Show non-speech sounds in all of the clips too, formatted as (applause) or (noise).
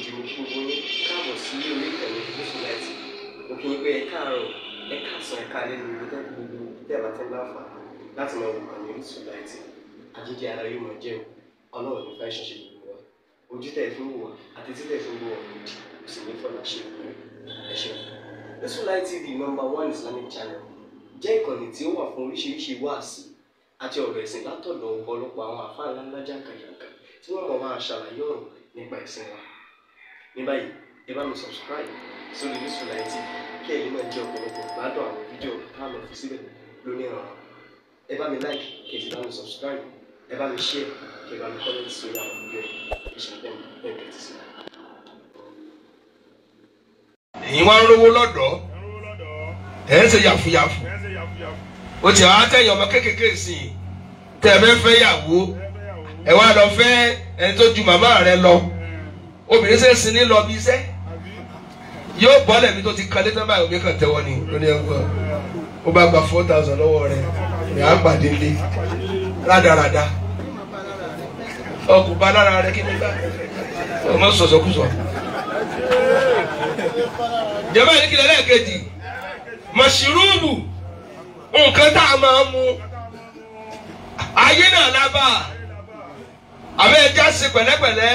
olùdí mi kí gbogbo yín káàbọ̀ sí orí ìtẹ̀wé Gúúsù Láìtì mo kí n pé ẹ káàárọ̀ ẹ káàsán ẹ káalẹ́ lórí ibi tẹ́kù gbogbo tẹ́ ẹ bá tẹ́ ń bá fà láti máa wò kàn ní Gúúsù Láìtì àjíjẹ ara yóò máa jẹun ọlọ́run ní fáṣọ ṣe gbogbo wa ojú tẹ̀ fún wò àti títẹ̀ fún wò ọ̀run kò sì ní fọlá ṣe ẹ ṣeun Gúúsù Láì TV number one Islamic channel jẹ́ ìkànnì tí ó wà fún oríṣiríṣi wáàsí àti ọ̀rọ̀ ẹ̀sìn látọ̀dọ̀ ọ̀pọ̀lọpọ̀ àwọn àfáà ńláńlá jákàjàkà tí wọ́n mọ̀ máa ṣàlàyé ọ̀rọ̀ nípa ẹ̀sìn wa ní báyìí ẹ bá mi subscribe sórí Yusuf9 TV kí ẹ̀yin máa jẹ ọ̀pọ̀lọpọ̀ gbádùn àwọn fídíò tá a lọ fi síbẹ̀ lónìí ọ̀ràn ẹ bá mi like kí ẹ sì bá mi subscribe ẹ bá mi share kí ẹ bá mi comment sórí àwọn fídíò ìṣẹ̀lẹ̀ bẹ́ẹ̀ bẹ́ẹ̀ ti sí. ẹ̀yin wá ń rówó lọ́dọ̀ ẹ̀ ń ṣe yàfùyàfù ó ti àwọn atẹ́yìn ọmọ kéékèèké sí i tẹ̀ fẹ́ fẹ́ yàwó ẹ̀ wá lọ fẹ́ ẹni tó ju màmá rẹ lọ obìnrin ṣe sin ní lọ bí iṣẹ́ yóò bọ́ lẹ́bi tó ti kan létí báyìí òbí kan tẹ́wọ́ ni lórí ẹ̀kọ́ ó bá gba four thousand lọ́wọ́ rẹ̀ ní àpàdé lé rádaràda ọkùn bá lára rẹ̀ kí ni bá ọmọ sọ̀sọ̀kùsọ̀ jẹ́bá yìí kílẹ̀ lẹ́ẹ̀kejì mọ̀ṣírùbù nǹkan tá a máa mu ayé náà lábàá àbẹ́ ẹja ṣe pẹ̀lẹ́pẹ̀lẹ́.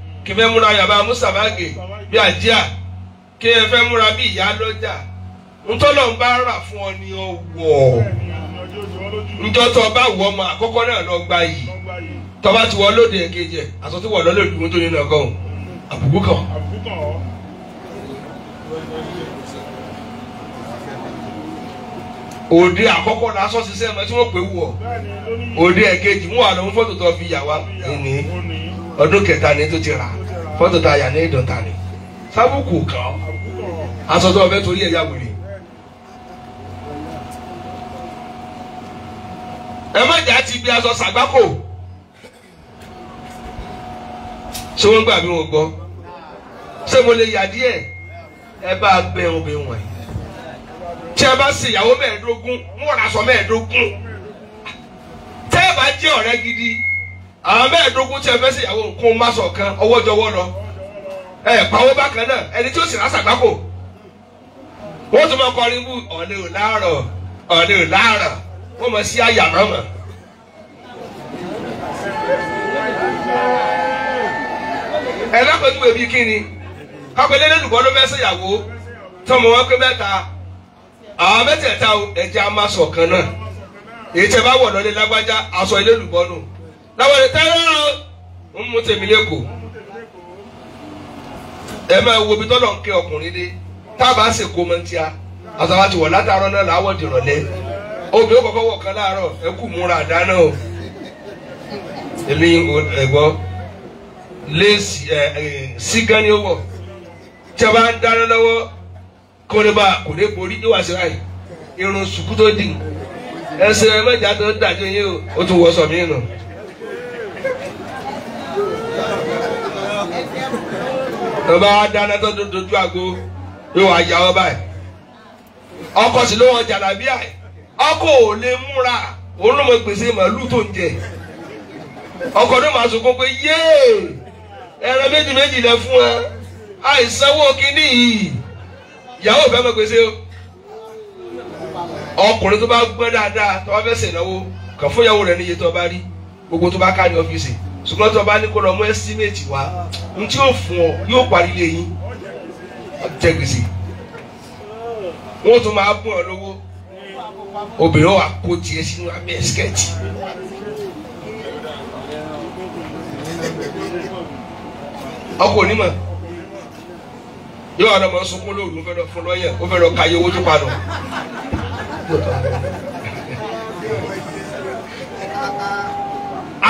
kí fẹ́ múra yàrá mùsàmágè bí àjíà kí ẹ fẹ́ múra bí ìyá lọ́jà ntọ́lọ̀ ń bá rà fún ọ ni ọ wọ̀ njọ́ tó bá wọ̀ ọmọ àkọ́kọ́ náà lọ gba yìí tọ́ba ti wọ lóde ẹ̀kejì àtọ́tí wọ̀ lọ́lẹ̀ ìdúró tó nínú ọgọ́ àbùkù kan. òde àkọ́kọ́ la sọ ṣiṣẹ́ wọ́n pè wù òde ẹ̀kejì mú àlọ́ fọ́tò tó fi yà wá ẹ̀ní ọdún kẹta ni tó ti ra fọ́tò tá a yà ní ìdọ̀ta ni sábùkù kan aṣọ tó ọbẹ̀ torí ẹ̀yà wèrè. ẹ má jà ti bí aṣọ sàgbákò ṣé wọ́n gbà bí wọ́n gbọ́ ṣé mo lè yà díẹ̀ ẹ bá bẹ obìnrin wọ̀nyí tí ẹ bá ṣe ìyàwó mẹ́ẹ̀ẹ́dógún ń wọ̀n aṣọ mẹ́ẹ̀ẹ́dógún tẹ́ ẹ bá jẹ́ ọ̀rẹ́ gidi àwọn mẹ́ẹ̀ẹ́dógún tí ẹ fẹ́ sí ìyàwó nǹkan má sọ kan ọwọ́ jọwọ́ lọ ẹ pawó bákan náà ẹni tí ó sì lásàgbákò wọ́n tún máa kọrin bú ọ̀nì ò láàrọ̀ ọ̀nì ò láàrọ̀ wọ́n máa sí àyà mọ́mọ́. ẹ lápẹ̀tù ẹbí kí ni kápẹ́lẹ́ lẹ́lùbọ́ ló fẹ́ sẹ́yàwó tọmọ wọn pé mẹ́ta àwọn mẹ́tẹ̀ẹ̀ta ẹ̀jẹ̀ á má sọ kan náà èyí tẹ bá wọ̀ lọ́lé lágbájá aṣọ ilé lùbọ́ lawalitara ń tèmi lẹ́kọ̀ọ́ ẹ máa wo ibi tọ́lọ̀ ń kẹ́ ọkùnrin dé tábà ń sèkó mọ́ àtàwọn àti wọ̀ látàárọ̀ náà làwọ̀ dìrọ̀lẹ́ obìnrin kọ̀ọ̀kan wọ̀ kan láàárọ̀ ẹ múra àdáná o èmi ẹ̀gbọ́ sígán ni ó wọ̀ tí a bá ń dáná lọ́wọ́ kó lè bá kò borí ráì irun sùkú tó tó bá wá dáná tó tó dojú àgbo yóò wá yà ọ báyìí ọkọ sì ló wọn jàlábíà ọkọ ò lè múra òun ló mọ gbèsè màálù tó ń jẹ ọkọ ní màá sunkún pé yéè ẹran méjì méjì lẹ fún ẹ àìsanwó kínní yìí ìyàwó fẹ́ mọ gbèsè ọkùnrin tó bá gbọ́n dáadáa tó bá fẹ́ ṣèlówó kàn fún ìyàwó rẹ̀ níye tó bá rí gbogbo tó bá ká ní ọ́fíìsì ṣùgbọ́n tí ọba ní kó lọ mú ẹ́símẹ́ẹ̀tì wá ní tí yóò fún ọ yóò parí lé yín jẹ gbèsè wọ́n tún máa bùn ọ lówó obìnrin wa kó tiẹ̀ sínú abẹ́ skẹ́ẹ̀tì. ọkọ onímọ̀ yóò ọ̀dọ̀ sunkún lóòrùn ó fẹ́ lọ fún lọ́yẹ̀ ó fẹ́ lọ ka iye owó tó padà.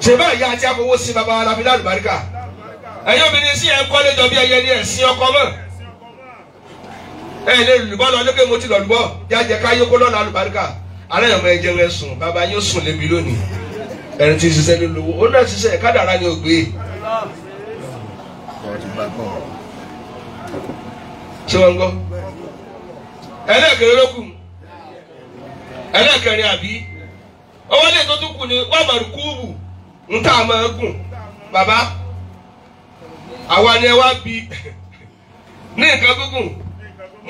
ṣe bẹ́ẹ̀ yá àti akówó sí baba alábílá àlùbáríkà ẹ̀yin obìnrin sí ẹ̀ ń kọ́lé jọ bí ẹyẹ ní ẹ̀sìn ọkọ mọ́ ẹ̀ lè lùbọ́ lọ lókè mo ti lọ lùbọ́ yájẹ ká yókó lọ́nà àlùbáríkà alẹ́ yọ̀mọ̀ ẹ̀jẹ̀ rẹ̀ sùn baba yóò sùn lébi lónìí ẹni tí ṣiṣẹ́ ló lówó ó náà ṣiṣẹ́ kádàrá ni ò gbé ṣé wọ́n gbọ́ ẹlẹ́ẹ̀kẹrin ló kù àbí. owó lè tó tún kù ní wọ́n mọ̀rù kúùbù nǹkan àmọ́ ẹ̀gùn bàbá àwa ni ẹ wá bi (laughs) ní nǹkan gígùn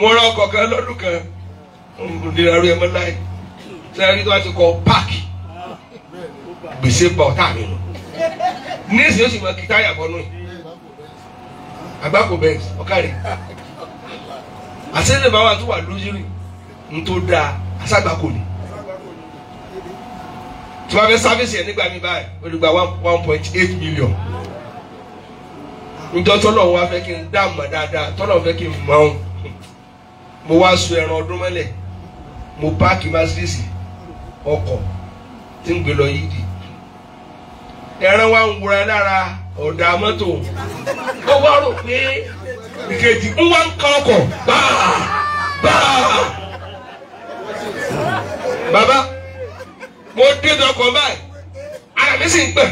mo ọkọ̀ kan lọ́dún kan ẹmọ láì ti kọ páàkì gbèsè bá mi nù ó sì àti ni. tí wọ́n fẹ́ sáfíìsì ẹ̀ nígbà mi báyìí ó one point eight million njọ́ tọ́lọ̀ wa fẹ́ kí n dá dáadáa tọ́lọ̀ fẹ́ kí n mọ̀ ọ́n mo wá so ẹran ọdún mọ́lẹ̀ mo páàkì Mercedes ọkọ̀ tí ń gbé lọ yìí di ẹran wa ń wura lára ọ̀dà mọ́tò ó wá rò pé ìkejì ń wá ń kan ọkọ̀ báà báà bàbá. mo dé dọkọ̀ báyìí ara mi sì ń pẹ̀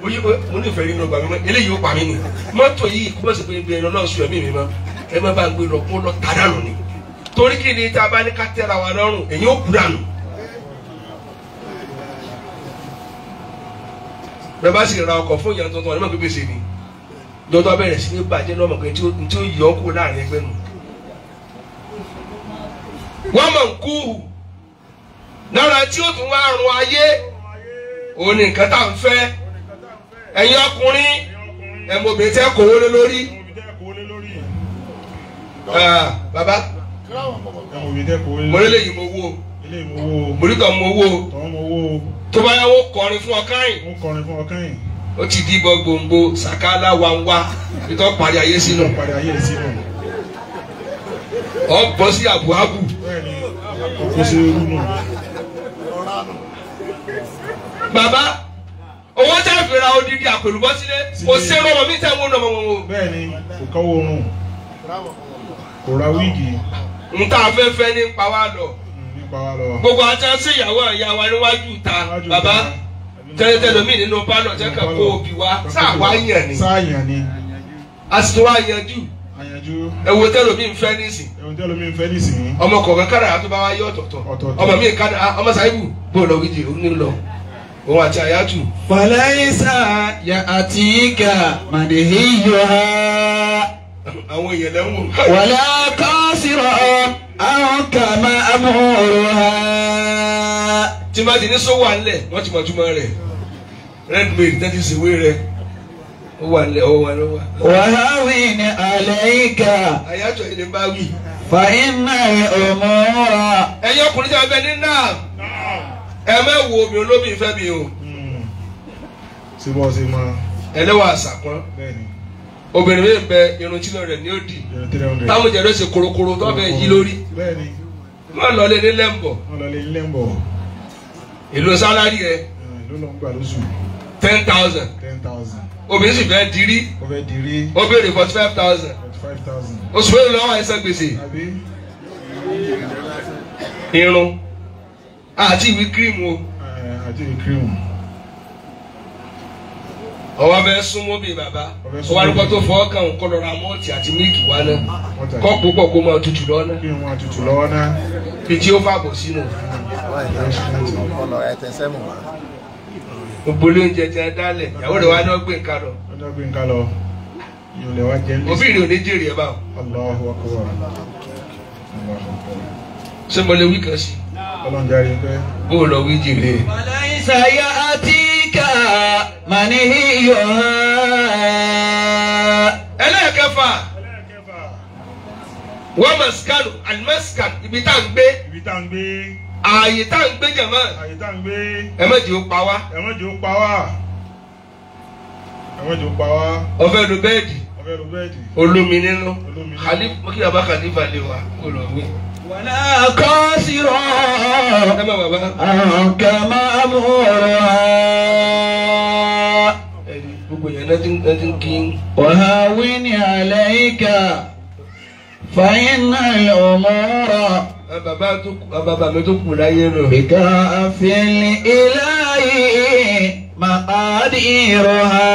mo yí mo ní ìfẹ́ nínú ọgbà mi mọ́ eléyìí ó pa mí ni mọ́tò yìí kó bá sì pé ibi ẹ̀rọ náà sùn ẹ̀mí mi mọ́ ẹ má bá ń gbé lọ kó lọ tà dànù ni torí kí ni tá a bá ní ká tẹ́ra wa lọ́rùn èyí ó kú dànù. bẹ́ẹ̀ bá sì ra ọkọ̀ fún ìyá tuntun ọ̀nà mọ̀ gbèsè ni dọ́tọ́ bẹ̀rẹ̀ sí ní bàjẹ́ lọ́mọ pé tí ó yọ ọ́ kú láàrin ẹgbẹ́ nù. wọ́n mọ̀ ń kú lára tí ó tún wá run ayé òun ni nǹkan tá à ń fẹ́ ẹ̀yin ọkùnrin ẹ̀mọ̀bìnrin tẹ́ kò wọlé lórí. bàbá mo lé lèyìn mo wó mo rí kan mo wó tó bá yá wó kọrin fún ọkàn yìí ó ti di bọ gbòǹgbò sàkálà wa ń wá parí ayé sínú ọ bọ sí àbúhábù bàbá owó tẹ́ fi ra odidi àpèlúbọ́ sílé kò sẹ́rọ̀ wọn mi tẹ́ wọn nọ wọn. bẹ́ẹ̀ni kò káwọ oorun kò ra wíìgì. n ta fẹ́ fẹ́ ní pa wá lọ. gbogbo àti ṣe ìyàwó ìyá wa níwájú ta bàbá tẹ́lẹ̀tẹ́lẹ̀ mi nínú pálọ̀ jẹ́ kẹ́kọ̀ọ́ òbí wa sáà wá yàn ni. sáà yàn ni. a sì tún wá yanjú ẹwọ tẹlẹ mi nfẹ nísìn ẹwọ tẹlẹ mi nfẹ nísìn ọmọ kọ̀ọ̀kan kára àti bá wa yé ọ̀tọ̀ọ̀tọ̀ ọmọ mi kára ọmọ sáyébù bó wíjì ó lọ òun àti àyájú. fàlàyésà yà àti ìkà màdìhíyọ ha. àwọn èèyàn lẹ́wọ̀n. wàlá kọ́sìrọ̀ àwọn kà máa amúhóró ha. tìmátì ní sọ́wọ́ àlẹ̀ wọ́n ti mọ̀túmọ̀ rẹ̀ red tẹ́tí ìsìnwé rẹ̀ ó wà nílẹ̀ ó wà lọ́wọ́. wàhálì ni àlẹ́ ìkà. àyájọ́ ilé bá wí. fàyínà òmùúra. ẹ̀yin ọkùnrin tí a bẹ ní náà ẹ mẹ́wò omi olómi ìfẹ́ mi o. ṣé bọ́ ṣe máa. ẹlẹ́wà àṣàkún. bẹ́ẹ̀ni bẹ irun tí lọ́rẹ̀ ní òdì táwọn jẹ̀rọ ṣe korokoro tó fẹ́ yí lórí wọ́n lọ lé ní lẹ́mbọ̀ èlò sálárì rẹ̀ ten thousand obìnrin sì fẹ́ dirí ó béèrè forty five thousand oṣù mélòó lọ́wọ́ ẹ̀sán gbèsè irun àti ìwé kírìmù o ọwọ́ eh, bẹ súnmọ́ bíi bàbá ọwọ́ arúgbó tó fọ́ kàn ń kọ́ lọ́ra mọ́ọ̀tì àti mílìkì wá náà kọ́ púpọ̀ kó máa tutù lọ́nà bí tí ó fàbọ̀ sínú gbogbo olóúnjẹ tí dálẹ̀ ìyàwó rẹ̀ wá ní ọgbẹ́ nǹkan lọ. ọgbẹ́ nǹkan lọ yóò lè wá jẹ ní. òbí ò ní jèrè ẹ̀ bá o. Allahu akbar. ṣé mo lè wí kan sí. ọlọ́njà rí pé. bó o lọ wí jèrè. ọ̀làyìnsá yá àtìkà màní iyọ̀. ẹlẹ́ẹ̀kẹfà wọ́n mọ̀ síkàlù àlùmọ́síkàlù ibi tá à ń gbé. ibi tá à ń gbé ààyè tá à ń gbé jẹ̀mọ́. ààyè tá à ń gbé. ẹ má jẹ́ ó pa wá. ẹ má jẹ́ ó pa wá. ẹ má jẹ́ ó pa wá. ọ̀fẹ́ lu bẹ́ẹ̀dì. ọ̀fẹ́ lu bẹ́ẹ̀dì. olómi nínú. olómi nínú. kàlí kí baba kàlí balẹ̀ wa kó lọ wí. wàlá kọ́sìrọ̀. ẹ má bàbá. àǹkà máa mú ọ̀rọ̀ á. gbogbo yẹn náà ti ń kí. wàhálà wíní àlẹ́ ìkà fàyín náà ọmọ bàbá mi tó kù láyé nù. bìkà àfihàn ìlàyé màádì ìrọ̀hà.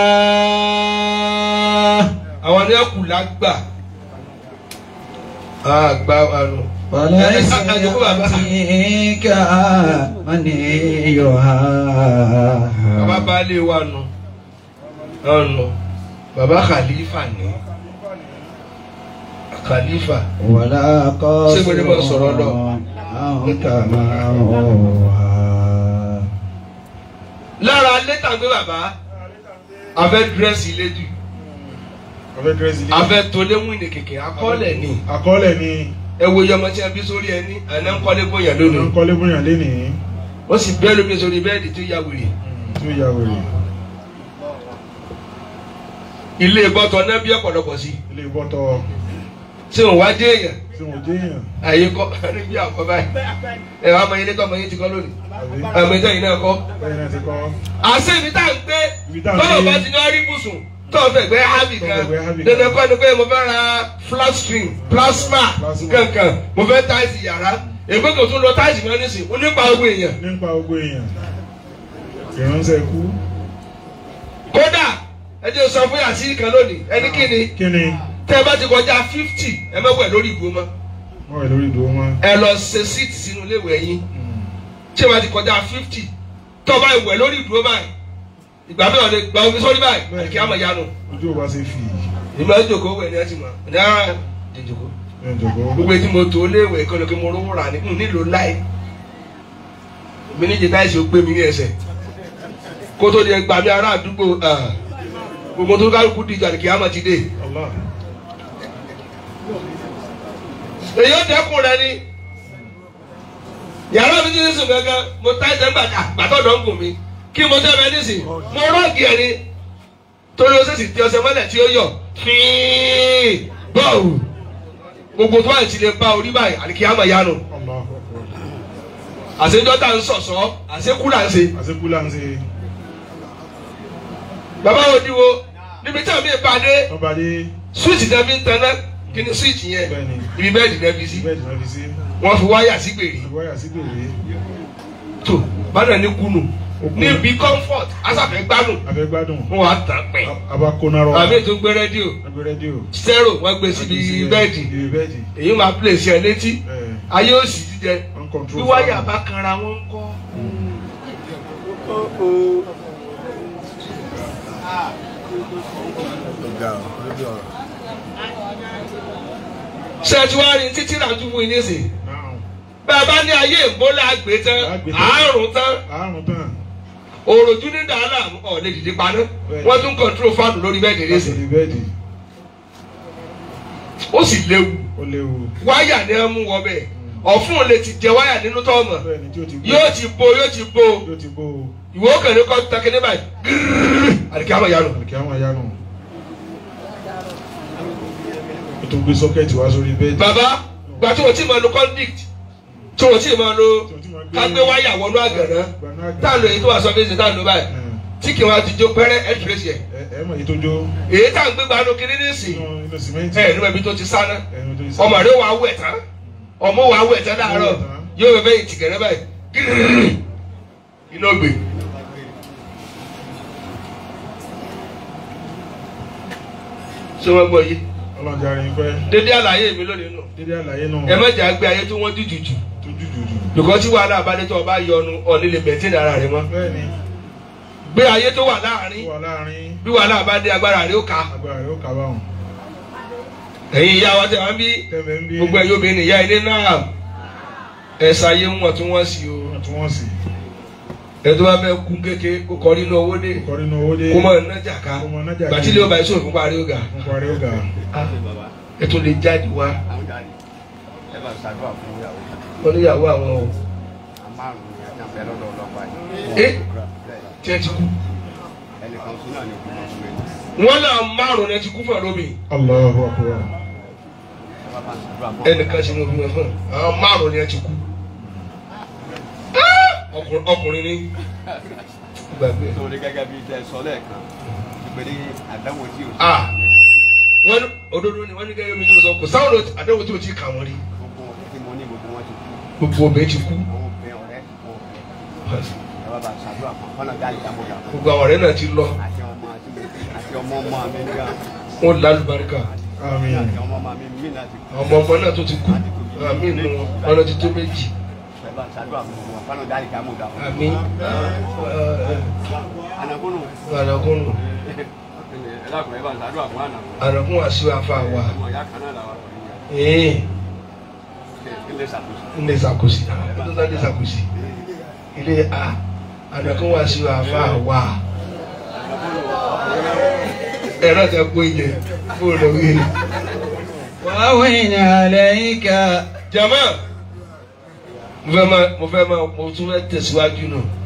àwọn ni a kù lágbà àgbà àrùn. Fọlẹ́sìnkà mọ́ni yọ̀há. Bàbá baálé wa nù. Bàbá Khalifa ni khalifa. wàlá kọ́ sí wọn àwọn kàmá wà. lára lẹ́tà gbé bàbá a fẹ́ dírẹ́sì ilé jù a fẹ́ tó léwìn ní kékeré akọ́lẹ̀ ni. akọ́lẹ̀ ni. ẹ wo iye ọmọ tí a bí sórí ẹ ní àná ń kọ́lé bóyá lónìí. àná ń kọ́lé bóyá lónìí. ó sì bẹ́ẹ̀ lómi sórí bẹ́ẹ̀dì tó ya wèrè. tó ya wèrè ilé bọ́tọ̀ náà bí ọ̀pọ̀lọpọ̀ sí. ilé bọ́tọ̀ tí òun wá dé èèyàn àyè kọ níbi àkọ́bá ẹ wàá mọ ilé kọ́ mọ yín ti kọ́ lónìí àmọ ìtàn yìí náà kọ́. àṣé ibi tá à ń gbé tọ́lọ̀ bá ti ní ọ́rí bùsùn tọ́ọ̀ fẹ́ gbé hábì kan dandan kọ́ ni pé mo fẹ́ ra flat screen plasma kankan mo fẹ́ táìsì yàrá ègbé kò tún lọ táìsì mọ́ nísìnyí ó nípa ogun èèyàn. nípa ogun èèyàn ìránṣẹ́ kú. kódà ẹ jẹ́ sọ fún yàtí kan lónìí ẹni kíni. kíni tẹ́ bá ti kọjá fifty ẹ má wẹ̀ lórí ìdúró mọ́. wọ́n wẹ̀ lórí ìdúró mọ́. ẹ lọ ṣe seat sínú ilé ìwẹ̀ yín tí ẹ bá ti kọjá fifty tọ́ bá ìwẹ̀ lórí ìdúró báyìí ìgbà mẹ́wàá lè gba omi sórí báyìí àti àmọ̀ yanu. ojú ò bá ṣe fi. ìmọ̀ ìjòkó wẹ̀ ni ẹ ti mọ̀ ní ara ìjòkó. gbogbo etí mo tó lé ìwẹ̀ kọ́ lókè mo rówó rà ní nílò láì mi níje táìsì ó gbé mi ní ẹsẹ̀ kó tó di ẹgbàá mi ará àdúgbò ah, gbogbo tó kálukú dìjà kí á mọ̀ ti dé èyí ó dẹ́kun rẹ ni yàrá mi ti ní sùn gángan mo tá ẹsẹ̀ gbàtà gbàtọ̀dọ̀ ń gùn mi kí mo tẹ́lẹ̀ ní sìn mo rọ́ọ̀gì ẹ̀ ni torí o sèṣì tí ọṣẹ mọ́lẹ̀ tí ó yọ fíìn bọ́ọ̀lù gbogbo tó àìsí lè bá orí báyìí àdìkí àmọ̀ yánu àṣejọ́ tá à ń sọ̀sọ́ àṣekúlà ń ṣe. àṣekúlà ń ṣe. bàbá òdiwo níbi tí àmì ìpàdé swíìtì tẹ́ fi ń tẹ́ náà kí ni switch yẹn ibi bẹ́ẹ̀dì náà fi sí wọ́n fi wáyà sí gbèrè tó bàdàn ní kunu níbi comfort asàfẹ́ gbádùn wọn wà tán pẹ́ àbí ètò gbé rédíò stereo wọ́n gbé síbi bẹ́ẹ̀dì èyí máa place ẹ létí ayé òsì jíjẹ bí wáyà bá kanra wọn kọ́ ó oh. ọ lójú God ṣé ẹ ti wá rí títí náà tún mú iná sí bàbá ní ayé ìmọ́lẹ̀ àgbè tán àárùn tán òròjú ní dàálà ọ̀lẹ́ dìde paná wọ́n tún kọ̀ntró fáànù lórí bẹ́ẹ̀dì ní sìn ó sì léwu wáyà ni ẹ mú wọ bẹ́ẹ̀ hmm. ọ̀fun lè ti jẹ wáyà nínú tọ́ọ̀mọ̀ yóò ti bo yóò ti bo ìwé òkèrè kọ́ takẹ́ ní báyìí gírírí àdìkí àmọ̀ yánu o tó gbé sọ́kẹ́tì wá sórí bẹ́ẹ̀dì. bàbá gbà tí o ti máa lo conduit tí o ti máa lo kágbé wáyà wọnú àgànná tá a lo èyí tó wà sọ́kẹ́tì tá a lo báyìí hmm. tí kì wá ti jó pẹ́rẹ́ ẹ̀ tún lè ṣe. ẹ mọ̀ èyí tó jó. èyí tá à ń gbé gbanú kiri ní ìsìn ẹ ní ẹbí tó ti sáná ọmọ rẹ wà wẹ̀ tán ọmọ wà wẹ̀ tán láàárọ̀ yóò bẹ bẹ́ẹ̀ ìtìkẹ̀rẹ́ báyìí gírírì iná gbè. ṣé wọ́n gbọ́ yìí ọlọ́jà rẹ̀ ń fẹ́. dédé àlàyé mi lónìí nù. dédé àlàyé nù. ẹ mẹ́jà gbé ayé tí wọ́n dìjù jù. tó dìjù jù. lùkọ́ tí wàhálà abáde tó ọba yọnu ọ̀ní lè bẹ̀tẹ̀ dára rẹ̀ mọ́. bẹ́ẹ̀ni. gbé ayé tó wà láàrin. wà láàrin. bí wàhálà abáde agbára rẹ̀ ó ka. agbára rẹ̀ ó ka báwọn. ẹ̀yin ìyá wa tẹ̀ bí. tẹ̀mẹ̀ bí. gbogbo ẹ̀yọ́ ẹtọ́ bá fẹ́ kún kéke kó kọrí ní owó dé kó mọ nájà ká gbàtí lè ọba ìṣòro fún parí ọgà ẹtọ́ lè jáde wá wọ́n níyàwó àwọn o. Eh? ẹ tiẹ̀ ti kú wọ́n náà márùn ẹ ti kú fún ọlọ́mi. ẹnìkan ṣe mo bí wọn fún ọ àwọn márùn ẹ ti kú ọkùnrin ni gbàgbé. torí gẹ́gẹ́ bíi tẹ sọ lẹ́ẹ̀kan ìpele àdáwò tí o ti kà mí. wọ́n ní òdodo ni wọ́n ní gẹ́gẹ́ bíi tí o sọ kò sáwọn àdáwò tí o ti kà wọ́n rí. gbogbo ọ̀rẹ́ tí mo ní gbogbo wọn ti kú. gbogbo ọ̀bẹ ti kú. àwọn ọ̀bẹ ọ̀rẹ́ gbogbo àwọn ọ̀rẹ́ náà ti lọ. àti ọmọ ọmọ mi gan. wọ́n lálùbáríkà. ọmọ ọmọ náà tó ti kú. àmín ọ̀nà ti méjì bá ń ṣàdúrà fún wọn fáná dárí ká mú dà. àmì ànàkúnù. ànàkúnù. ẹ lákùnrin ẹ bá ń ṣàdúrà fún ànàkún. ànàkún wà sí wa fa wa. ọmọ ìyá kan náà làwọn sakosi ọdọdọ sakosi ilé a àdàkùn wa sí wa fa wa ẹ̀rọ tẹ kó ilé fóònù wíìlì. wàá wẹ̀yìn yìí ká. jama mo fẹ́ máa mo fẹ́ máa mo tún fẹ́ tẹ̀síwájú náà.